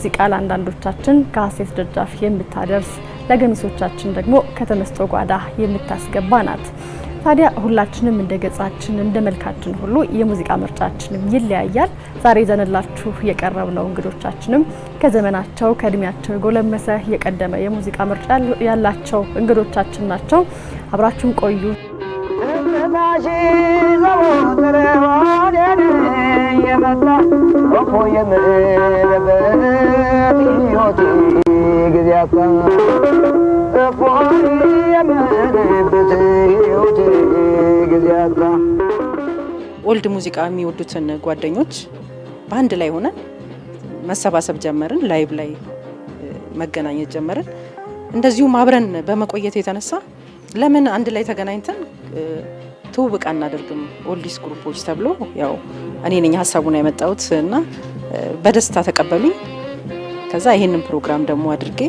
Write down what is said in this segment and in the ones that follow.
በዚህ ቃል አንዳንዶቻችን ከሀሴት ደጃፍ የምታደርስ ለገሚሶቻችን ደግሞ ከተመስጦ ጓዳ የምታስገባ ናት። ታዲያ ሁላችንም እንደ ገጻችን እንደ መልካችን ሁሉ የሙዚቃ ምርጫችንም ይለያያል። ዛሬ የቀረብ ነው እንግዶቻችንም ከዘመናቸው ከእድሜያቸው የጎለመሰ የቀደመ የሙዚቃ ምርጫ ያላቸው እንግዶቻችን ናቸው። አብራችሁን ቆዩ። ኦልድ ሙዚቃ የሚወዱትን ጓደኞች በአንድ ላይ ሆነን መሰባሰብ ጀመርን። ላይቭ ላይ መገናኘት ጀመርን። እንደዚሁም አብረን በመቆየት የተነሳ ለምን አንድ ላይ ተገናኝተን ትውውቅ አናደርግም ኦልዲስ ግሩፖች ተብሎ ያው እኔ ነኝ ሀሳቡን ያመጣሁት እና በደስታ ተቀበሉኝ። ከዛ ይሄንን ፕሮግራም ደግሞ አድርጌ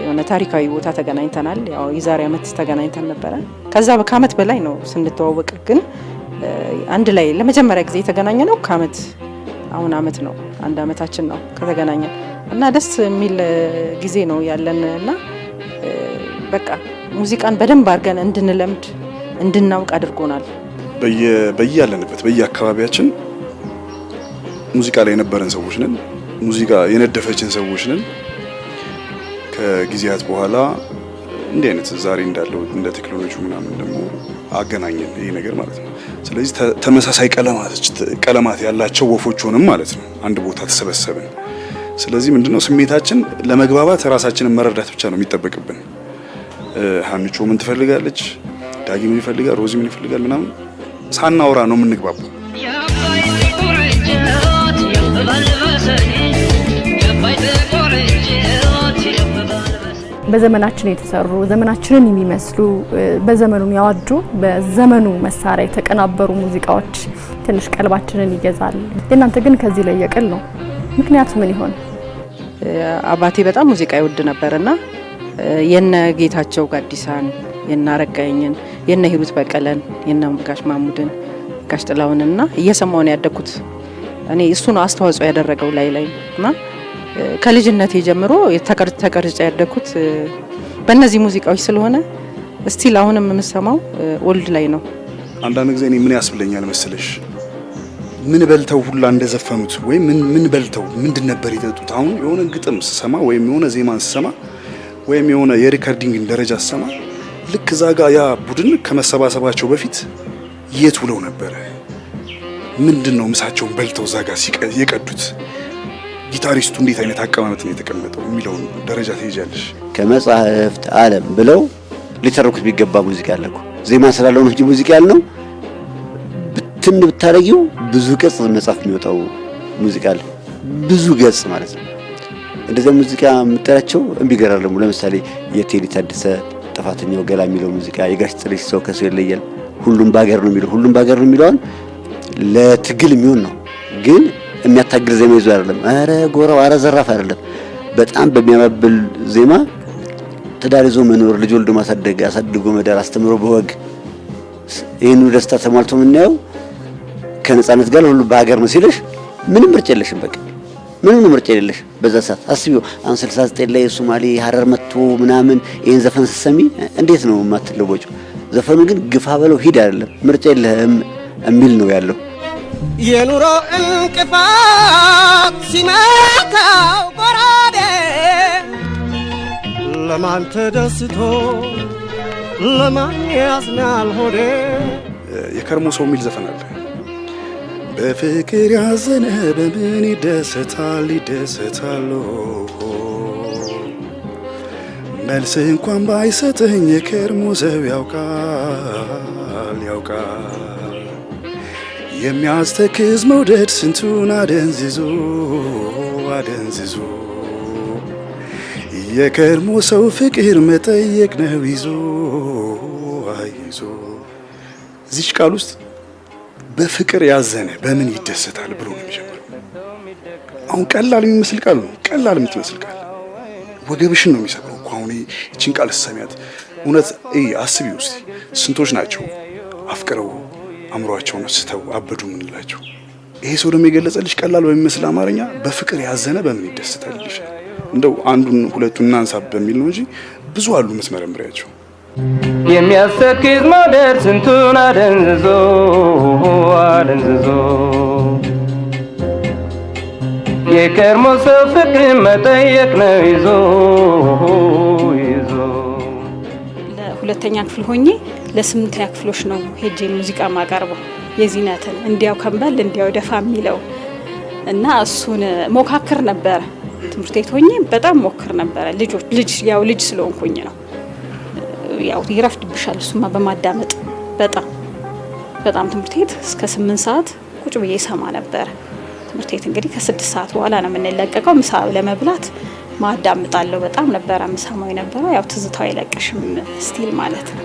የሆነ ታሪካዊ ቦታ ተገናኝተናል። ያው የዛሬ አመት ተገናኝተን ነበረ። ከዛ ከዓመት በላይ ነው ስንተዋወቅ፣ ግን አንድ ላይ ለመጀመሪያ ጊዜ የተገናኘ ነው ከዓመት አሁን ዓመት ነው አንድ አመታችን ነው ከተገናኘ እና ደስ የሚል ጊዜ ነው ያለን እና በቃ ሙዚቃን በደንብ አድርገን እንድንለምድ እንድናውቅ አድርጎናል። በየ በየአካባቢያችን ሙዚቃ ላይ የነበረን ሰዎች ነን። ሙዚቃ የነደፈችን ሰዎች ነን። ከጊዜያት በኋላ እንዲህ አይነት ዛሬ እንዳለው እንደ ቴክኖሎጂ ምናምን ደግሞ አገናኘን ይሄ ነገር ማለት ነው። ስለዚህ ተመሳሳይ ቀለማት ያላቸው ወፎች ሆንም ማለት ነው። አንድ ቦታ ተሰበሰብን። ስለዚህ ምንድነው ስሜታችን ለመግባባት ራሳችንን መረዳት ብቻ ነው የሚጠበቅብን። ሀንቾ ምን ትፈልጋለች፣ ዳጊ ምን ይፈልጋል፣ ሮዚ ምን ይፈልጋል ምናምን ሳናወራ ነው የምንግባባው። በዘመናችን የተሰሩ ዘመናችንን የሚመስሉ በዘመኑ የሚያዋጁ በዘመኑ መሳሪያ የተቀናበሩ ሙዚቃዎች ትንሽ ቀልባችንን ይገዛል። የእናንተ ግን ከዚህ ላይ የቅል ነው። ምክንያቱ ምን ይሆን? አባቴ በጣም ሙዚቃ ይወድ ነበርና የነ ጌታቸው ጋዲሳን፣ የነ አረጋኝን፣ የነ ሂሩት በቀለን፣ የነ ጋሽ ማሙድን፣ ጋሽ ጥላውንና እየሰማውን ያደግኩት እኔ እሱ ነው አስተዋጽኦ ያደረገው ላይ ላይ እና ከልጅነቴ ጀምሮ ተቀርጬ ያደግኩት በእነዚህ ሙዚቃዎች ስለሆነ እስቲል አሁንም የምሰማው ወልድ ላይ ነው። አንዳንድ ጊዜ እኔ ምን ያስብለኛል መሰለሽ ምን በልተው ሁላ እንደዘፈኑት ወይም ምን በልተው ምንድን ነበር የጠጡት። አሁን የሆነ ግጥም ስሰማ ወይም የሆነ ዜማን ስሰማ ወይም የሆነ የሪከርዲንግን ደረጃ ስሰማ ልክ እዛ ያ ቡድን ከመሰባሰባቸው በፊት የት ውለው ነበረ? ምንድን ነው ምሳቸውን በልተው እዛ ጋ የቀዱት? ጊታሪስቱ እንዴት አይነት አቀማመጥ ነው የተቀመጠው የሚለውን ደረጃ ትሄጃለሽ። ከመጽሐፍት ዓለም ብለው ሊተርኩት ቢገባ ሙዚቃ ያለ እኮ ዜማ ስላለው ነው እንጂ ሙዚቃ ያልነው ብትን ብታረጊው ብዙ ገጽ መጽሐፍ የሚወጣው ሙዚቃ አለ። ብዙ ገጽ ማለት ነው። እንደዚያ ሙዚቃ የምጠራቸው እምቢገራለሙ ለምሳሌ የቴዲ ታደሰ ጥፋተኛው ገላ የሚለው ሙዚቃ የጋሽ ጥልሽ ሰው ከሰው ይለያል። ሁሉም ባገር ነው የሚለው ሁሉም ባገር ነው የሚለውን ለትግል የሚሆን ነው ግን የሚያታግል ዜማ ይዞ አይደለም። አረ ጎረው፣ አረ ዘራፍ አይደለም። በጣም በሚያባብል ዜማ ትዳር ይዞ መኖር፣ ልጅ ወልዶ ማሳደግ፣ አሳድጎ መዳር፣ አስተምሮ በወግ ይህን ደስታ ተሟልቶ የምናየው ከነጻነት ጋር ሁሉ በሀገር ነው ሲልሽ ምንም ምርጫ የለሽም። በቃ ምንም ምርጫ የለሽ በዛ ሰዓት አስቢው። አሁን 69 ላይ የሶማሌ ሀረር መጥቶ ምናምን ይህን ዘፈን ስትሰሚ እንዴት ነው የማትለወጪው? ዘፈኑ ግን ግፋ በለው ሂድ አይደለም ምርጫ የለህም የሚል ነው ያለው። የኑሮ እንቅፋት ሲመታው ጎራዴ ለማን ተደስቶ ለማን ያዝናል ሆዴ። የከርሞ ሰው የሚል ዘፈን አለ። በፍቅር ያዘነ በምን ይደሰታል ይደሰታል መልስ እንኳን ባይሰጠኝ የከርሞ ሰው ያውቃል ያውቃል የሚያስተክዝ መውደድ ስንቱን አደንዝዞ አደንዝዞ የቀድሞ ሰው ፍቅር መጠየቅ ነው ይዞ አይዞ። እዚች ቃል ውስጥ በፍቅር ያዘነ በምን ይደሰታል ብሎ ነው የሚጀምረው። አሁን ቀላል የሚመስል ቃል ነው፣ ቀላል የምትመስል ቃል ወገብሽን ነው የሚሰብረው እኮ። አሁን ይችን ቃል ሰሚያት እውነት አስቢ ውስጥ ስንቶች ናቸው አፍቅረው አእምሯቸውን ስተው አበዱ ምንላቸው። ይሄ ሰው ደግሞ የገለጸልሽ ቀላል በሚመስል አማርኛ በፍቅር ያዘነ በምን ይደስታል እንደው አንዱን ሁለቱን እናንሳ በሚል ነው እንጂ ብዙ አሉ መስመር የሚያሰክዝ ማደር ስንቱን አደንዝዞ አደንዝዞ የቀድሞ ሰው ፍቅር መጠየቅ ነው ይዞ ይዞ ለሁለተኛ ክፍል ሆኜ ለስምንተኛ ክፍሎች ነው ሄጄ ሙዚቃ ማቀርበው የዚህነትን እንዲያው ከንበል እንዲያው ደፋ የሚለው እና እሱን ሞካክር ነበረ። ትምህርት ቤት ሆኜ በጣም ሞክር ነበረ። ልጆች ልጅ ያው ልጅ ስለሆንኩኝ ነው ያው ይረፍድብሻል። እሱማ በማዳመጥ በጣም በጣም ትምህርት ቤት እስከ ስምንት ሰዓት ቁጭ ብዬ ሰማ ነበረ። ትምህርት ቤት እንግዲህ ከስድስት ሰዓት በኋላ ነው የምንለቀቀው። ምሳ ለመብላት ማዳምጣለሁ። በጣም ነበረ ምሳማዊ ነበረ ያው ትዝታው አይለቅሽም ስቲል ማለት ነው።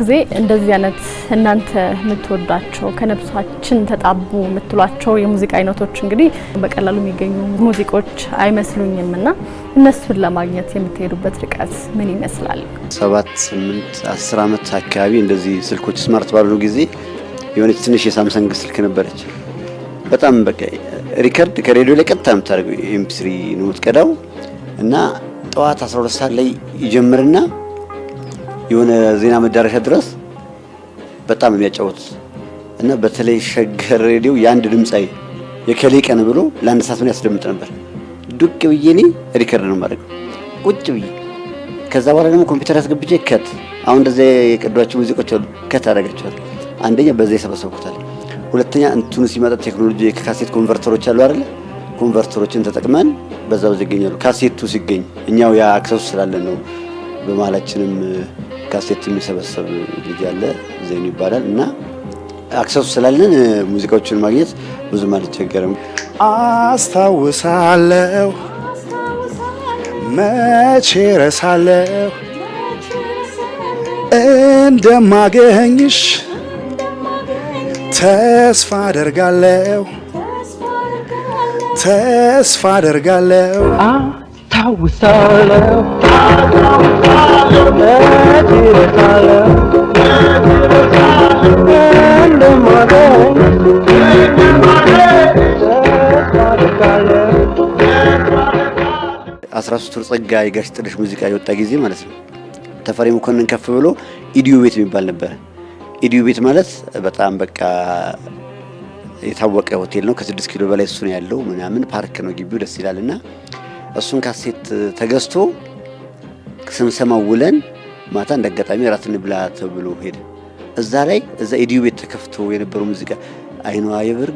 ጊዜ እንደዚህ አይነት እናንተ የምትወዷቸው ከነብሳችን ተጣቡ የምትሏቸው የሙዚቃ አይነቶች እንግዲህ በቀላሉ የሚገኙ ሙዚቆች አይመስሉኝም እና እነሱን ለማግኘት የምትሄዱበት ርቀት ምን ይመስላል? ሰባት ስምንት አስር ዓመት አካባቢ እንደዚህ ስልኮች ስማርት ባሉ ጊዜ የሆነች ትንሽ የሳምሰንግ ስልክ ነበረች። በጣም በቃ ሪከርድ ከሬዲዮ ላይ ቀጥታ የምታደርገው ኤምፒ3 ነው የምትቀዳው እና ጠዋት 12 ሰዓት ላይ ይጀምርና የሆነ ዜና መዳረሻ ድረስ በጣም የሚያጫወት እና በተለይ ሸገር ሬዲዮ የአንድ ድምፃዊ የከሌ ቀን ብሎ ለአንድ ሰዓት ምን ያስደምጥ ነበር። ዱቅ ብዬ እኔ ሪከርድ ነው ማድረግ ቁጭ ብዬ ከዛ በኋላ ደግሞ ኮምፒውተር አስገብቼ ከት አሁን እንደዚያ የቀዷቸው ሙዚቆች አሉ ከት አደርጋቸዋል። አንደኛ በዛ የሰበሰብኩታል። ሁለተኛ እንትኑ ሲመጣ ቴክኖሎጂ ከካሴት ኮንቨርተሮች አሉ አይደለ? ኮንቨርተሮችን ተጠቅመን በዛ ይገኛሉ። ካሴቱ ሲገኝ እኛው ያ አክሰሱ ስላለን ነው በመሀላችንም ካሴት የሚሰበሰብ ልጅ አለ ዜኑ ይባላል እና አክሰሱ ስላለን ሙዚቃዎችን ማግኘት ብዙም አልቸገርም። አስታውሳለሁ መቼ ረሳለሁ እንደማገኝሽ ተስፋ አደርጋለሁ ተስፋ አደርጋለሁ ታውሳለው እረሳለው እንደማገኝ አስራ ሶስት ወር ጸጋ የጋሽ ጥልሽ ሙዚቃ የወጣ ጊዜ ማለት ነው። ተፈሪ መኮንን ከፍ ብሎ ኢዲዮ ቤት የሚባል ነበረ። ኢዲዮ ቤት ማለት በጣም በቃ የታወቀ ሆቴል ነው። ከስድስት ኪሎ በላይ እሱ ነው ያለው ምናምን ፓርክ ነው ግቢው ደስ ይላል እና እሱን ካሴት ተገዝቶ ስንሰማው ውለን ማታ እንዳጋጣሚ ራት እንብላ ተብሎ ሄደ። እዛ ላይ እዛ ኢዲዩ ቤት ተከፍቶ የነበረው ሙዚቃ አይኗ የብር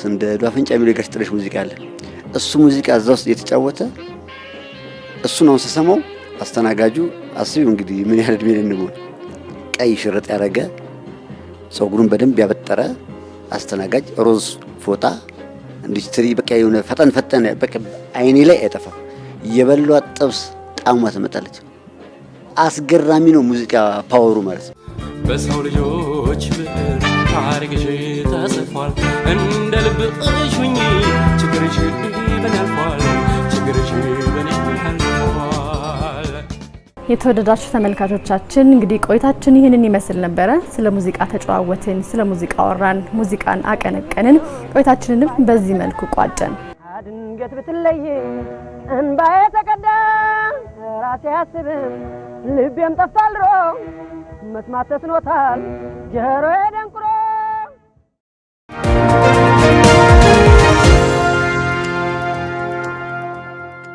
ስንደዱ አፍንጫ የሚለው የጋሽ ሙዚቃ አለ። እሱ ሙዚቃ እዛ ውስጥ እየተጫወተ እሱን አሁን ስሰማው አስተናጋጁ አስቢው እንግዲህ ምን ያህል እድሜ ልንጎን ቀይ ሽርጥ ያደረገ ጸጉሩን በደንብ ያበጠረ አስተናጋጅ ሮዝ ፎጣ ኢንዱስትሪ በቃ የሆነ ፈጠን ፈጠን በቃ አይኔ ላይ አይጠፋም። የበሏት ጥብስ ጣዕሟ ትመጣለች። አስገራሚ ነው ሙዚቃ ፓወሩ ማለት ነው። በሰው ልጆች ብር ታሪክሽ ተጽፏል። እንደ ልብ እሹኝ ችግርሽ በኔ አልፏል። ችግርሽ በኔ አልፏል የተወደዳችሁ ተመልካቾቻችን እንግዲህ ቆይታችን ይህንን ይመስል ነበረ። ስለ ሙዚቃ ተጨዋወትን፣ ስለ ሙዚቃ ወራን፣ ሙዚቃን አቀነቀንን። ቆይታችንንም በዚህ መልኩ ቋጨን። ድንገት ብትለይ እንባዬ ተቀዳ ራሴ ያስብም ልቤም ጠፍቷል ድሮ መስማት ተስኖታል ጀሮዬ